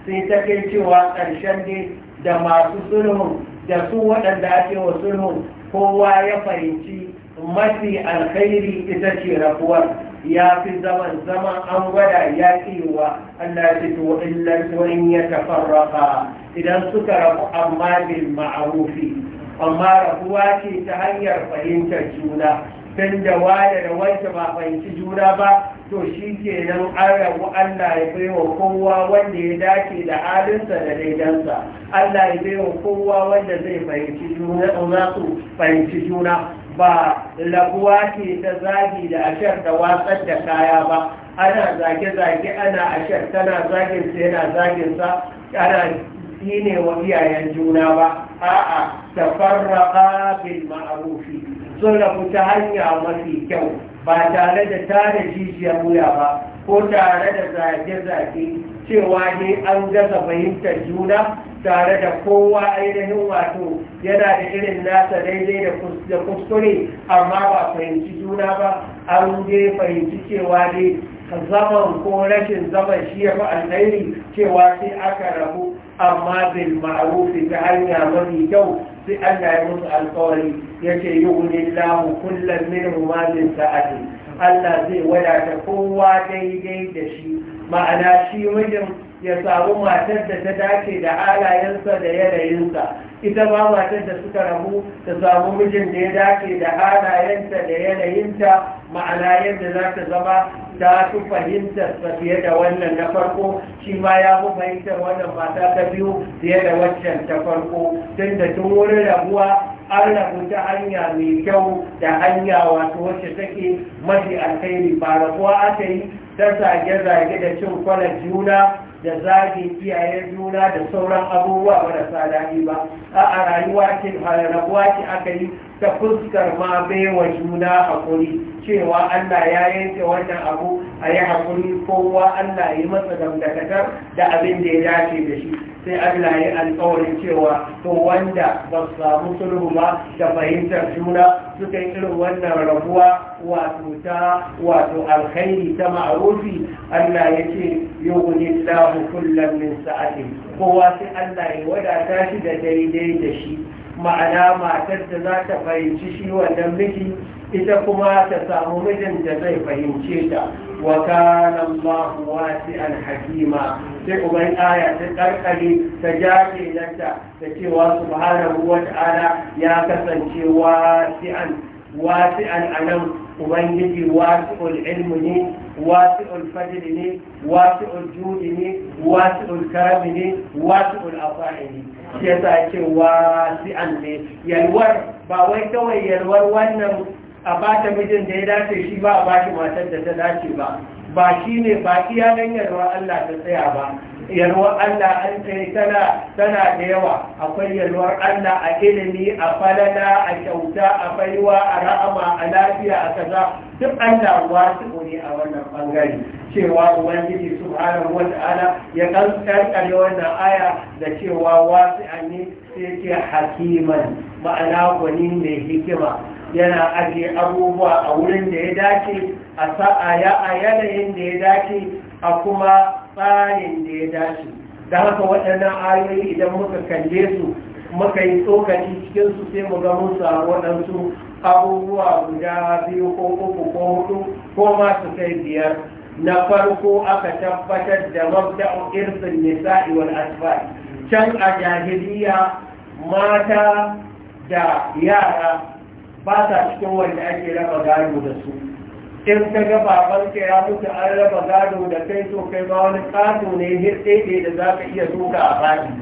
sai ta kai cewa ƙarshen ne da masu sulhun da su waɗanda ake wa sulhun kowa ya fahimci mafi alkhairi ita ce rabuwar ya fi zaman zaman an gwada ya wa Allah ce to illan wurin ya tafarraka idan suka rabu amma bil ma'arufi amma rabuwa ce ta hanyar fahimtar juna sun da waya da wanke ba fahimci juna ba to shi ke nan an rabu Allah ya bai wa kowa wanda ya dace da halinsa da daidansa Allah ya bai wa kowa wanda zai fahimci juna za su fahimci juna ba labuwa ke ta zagi da ashar da watsar da kaya ba ana zage-zage ana ashar tana zagin sa yana zagin sa ana shine wa iyayen juna ba a'a tafarraqa bil ma'rufi sun ta hanya mafi kyau ba tare da tare jijiyar wuya ba ko tare da zage-zage cewa ne an gaza fahimtar juna tare da kowa ainihin wato yana da irin nasa daidai da kuskure amma ba fahimci juna ba an je fahimci cewa ne zaman ko rashin zaman shi ya fi alkhairi cewa sai aka rabu amma bil ma'arufi ta hanya mafi kyau sai Allah ya musu alkawari ya ce yi unillahu kullum min humamin sa'adi Allah zai wadata kowa daidai da shi ma'ana shi mijin ya samu matar da ta dace da halayensa da yanayinsa ita ma matar da suka rabu ta samu mijin da ya dace da halayenta da yanayinta ma'ana yadda za ta zama ta fi fahimtar ta fiye da wannan na farko shi ma ya fi fahimtar wannan mata ta biyu fiye da waccan ta farko tun da tun wurin rabuwa an rabu ta hanya mai kyau da hanya wato wacce take mafi alkhairi ba rabuwa aka yi ta zage-zage da cin kwalar juna da zage kiyaye juna da sauran abubuwa marasa daɗi ba a rayuwa ce rabuwa ce aka yi ta fuskar ma baiwa juna hakuri cewa Allah ya yanke wannan abu a yi hakuri kowa Allah ya masa dangantakar da abin da ya dace da shi sai Allah ya alƙawarin cewa to wanda ba su samu sulhu ba da fahimtar juna suka yi irin wannan rabuwa wato ta wato alkhairi ta ma'arufi Allah ya ce yughni Allahu kullam min sa'ati kowa sai Allah ya wadata shi da daidai da shi ma'ana matar da za ta fahimci shi wannan miji ita kuma ta samu mijin da zai fahimce ta wa kana Allah wasi'an hakima sai uban aya ta karkare ta jaje lanta ta cewa subhanahu wa ta'ala ya kasance wasi'an wasi'an anan ubangiji wasi'ul ilmi ne wasi'ul fadli ne wasi'ul judi ne wasi'ul karami ne wasi'ul afa'i ne shi sa ce an ne yalwar ba wai kawai yalwar wannan a bata mijin da ya dace shi ba a bashi matar da ta dace ba ba shi ne ba iya nan yalwar Allah ta tsaya ba yalwar Allah an kai tana tana da yawa akwai yalwar Allah a ilimi a falala a kyauta a baiwa a ra'ama a lafiya a kaza duk Allah wasu ne a wannan bangare cewa ubangiji subhanahu wata'ala ya kankare wannan aya da cewa wasu ne sai ke hakiman ma'ana gwani mai hikima yana ajiye abubuwa a wurin da ya dace a sa'a ya a yanayin da ya dace a kuma tsarin da ya dace da haka waɗannan ayoyi idan muka kalle su muka yi tsokaci cikin su sai mu ga mun samu waɗansu abubuwa guda biyu ko uku ko hudu ko ma su kai biyar na farko aka tabbatar da mabda'u irsin nisa'i wal asfal can a jahiliya mata da yara ba sa cikin wanda ake raba gado da su in ka ga ya mutu an raba gado da kai to kai ba wani kato ne hirɗe da za ka iya duka a fadi.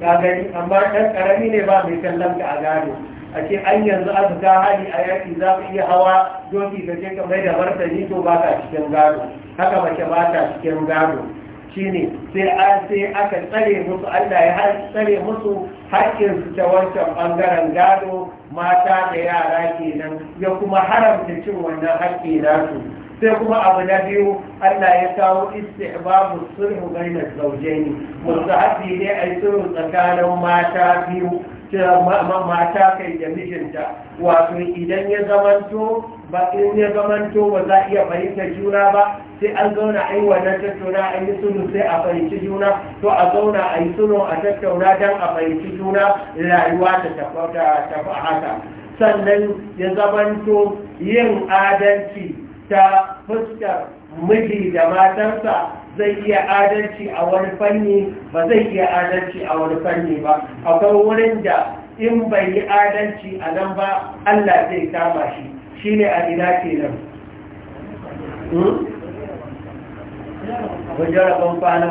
ka gani amma ɗan ƙarami ne ba mai kallon ka a gado a ce an yanzu a ga hali a yaƙi za ka iya hawa doki ka ce ka mai da martani to ba ka cikin gado haka mace ba ta cikin gado shine sai a sai aka tsare musu Allah ya tsare musu haƙƙinsu ta wancan ɓangaren gado mata da yara kenan ya kuma haramta cin wannan haƙƙi nasu sai kuma abu na biyu Allah ya kawo istihbabu sulhu baina zawjaini haɗi ne ai sulhu tsakanin mata biyu mata kai da mijinta wato idan ya zamanto ba in ya zamanto ba za iya fahimta juna ba sai an zauna a yi wannan tattauna a yi sunu sai a fahimci juna to a zauna a yi sunu a tattauna don a fahimci juna rayuwa ta tafi haka sannan ya zamanto yin adalci ta fuskar miji da matarsa zai iya adalci a wani fanni ba zai iya adalci a wani fanni ba akwai wurin da in bai yi adalci a nan ba allah zai kama shi shi ne a ina ke nan wajen hmm? rabon kwana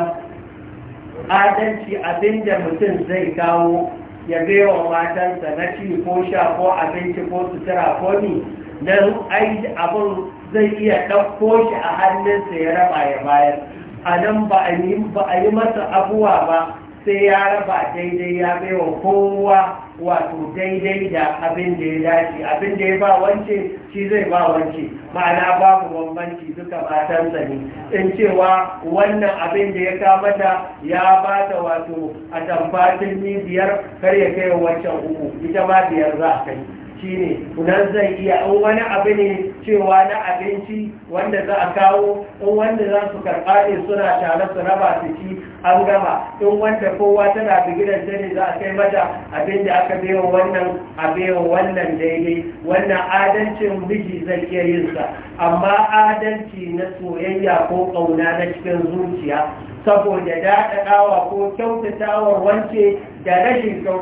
adalci abinda mutum zai kawo ya wa matansa na ci ko sha ko abinci ko sutura ko ni nan aiki abin zai iya ɗauko shi a hannunsa ya raba ya bayar a nan ba a yi masa abuwa ba sai ya raba daidai ya bai wa kowa wato daidai da abin da ya dace abin da ya ba wance shi zai ba wance ma'ana babu bambanci duka matansa sani in cewa wannan abin da ya kamata ya ba ta wato a tamfatin ni biyar kar ya kai wancan uku ita ma biyar za a kai shine kuna zai iya in wani abu ne cewa na abinci wanda za a kawo in wanda za su karɓa suna tare su raba su ci an gama in wanda kowa tana da gidan ne za a kai mata abin da aka bewa wannan a wannan daidai wannan adalcin miji zai iya yin sa amma adalci na soyayya ko ƙauna na cikin zuciya saboda daɗaɗawa ko kyautatawar wance da rashin wa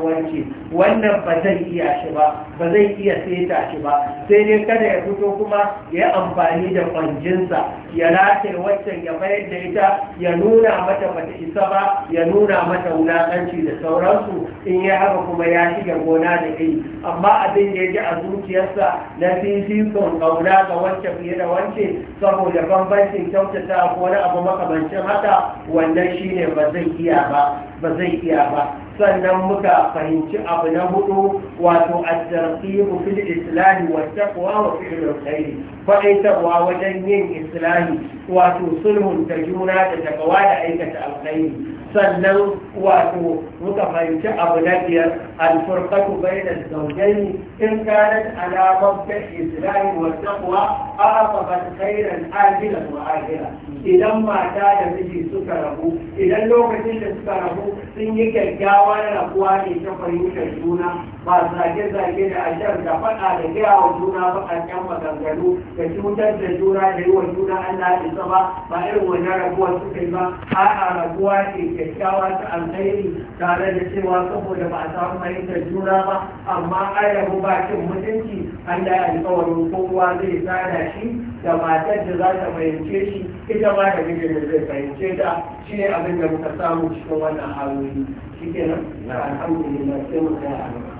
wance wannan ba zai iya shi ba ba zai iya seta shi ba sai dai kada ya fito kuma ya amfani da kwanjinsa ya rataye wancan ya bayar da ita ya nuna mata bata isa ba ya nuna mata wulaƙanci da sauransu in ya haka kuma ya shiga gona da kai amma abin da ya ji a zuciyarsa na fifikon ƙauna ga wancan fiye da wance saboda bambancin kyautata ko wani abu makamancin haka wannan shine ba zai iya ba ba zai iya ba sannan muka fahimci abu na hudu wato at fil islahi wa taqwa wa fi'l al-khair taqwa wajen yin islahi wato sulhun ta juna da takawa da aikata alkhairi sannan wato muka fahimci abu na biyar alfurkatu bai da zaujaini in kanat alamar ta isra'i wa taqwa asabat khairan ajilan wa akhira idan mata da miji suka rabu idan lokacin da suka rabu sun yi kyakkyawan rabuwa ne ta fahimtar juna ba zage-zage da ashar da faɗa da gaya wa juna baƙaƙen maganganu da cutar da juna da yi wa juna Allah isa ba ba irin wajen raguwa suka yi ba a'a rabuwa ke kyakkyawa ta alkhairi tare da cewa saboda ba a samu fahimtar juna ba amma an ba cin mutunci Allah ya alkawarin kowa zai tsada shi da matar da za ta fahimce shi ita ma da mijin da zai fahimce ta shi ne abin da muka samu cikin wannan hayoyi shi kenan alhamdulillah sai mu tsaya a